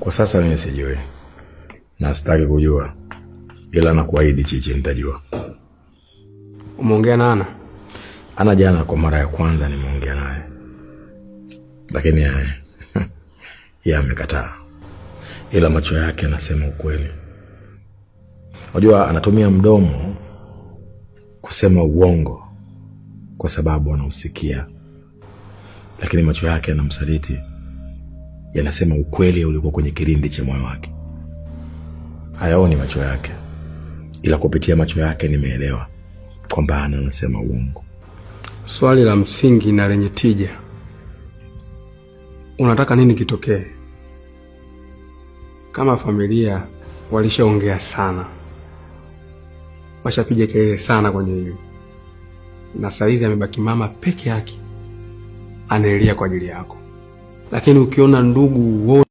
Kwa sasa mimi sijui na sitaki kujua, ila nakuahidi Chichi, nitajua. Umeongea na Ana? Ana jana kwa mara ya kwanza nimeongea naye, lakini yeye yeye amekataa, ila macho yake anasema ukweli. Unajua, anatumia mdomo kusema uongo kwa sababu anausikia, lakini macho yake anamsaliti yanasema ukweli uliokuwa kwenye kirindi cha moyo wake. Hayaoni macho yake, ila kupitia macho yake nimeelewa kwamba ana anasema uongo. Swali la msingi na lenye tija, unataka nini kitokee? Kama familia walishaongea sana, washapiga kelele sana kwenye hili, na saizi amebaki mama peke yake anaelia kwa ajili yako lakini ukiona ndugu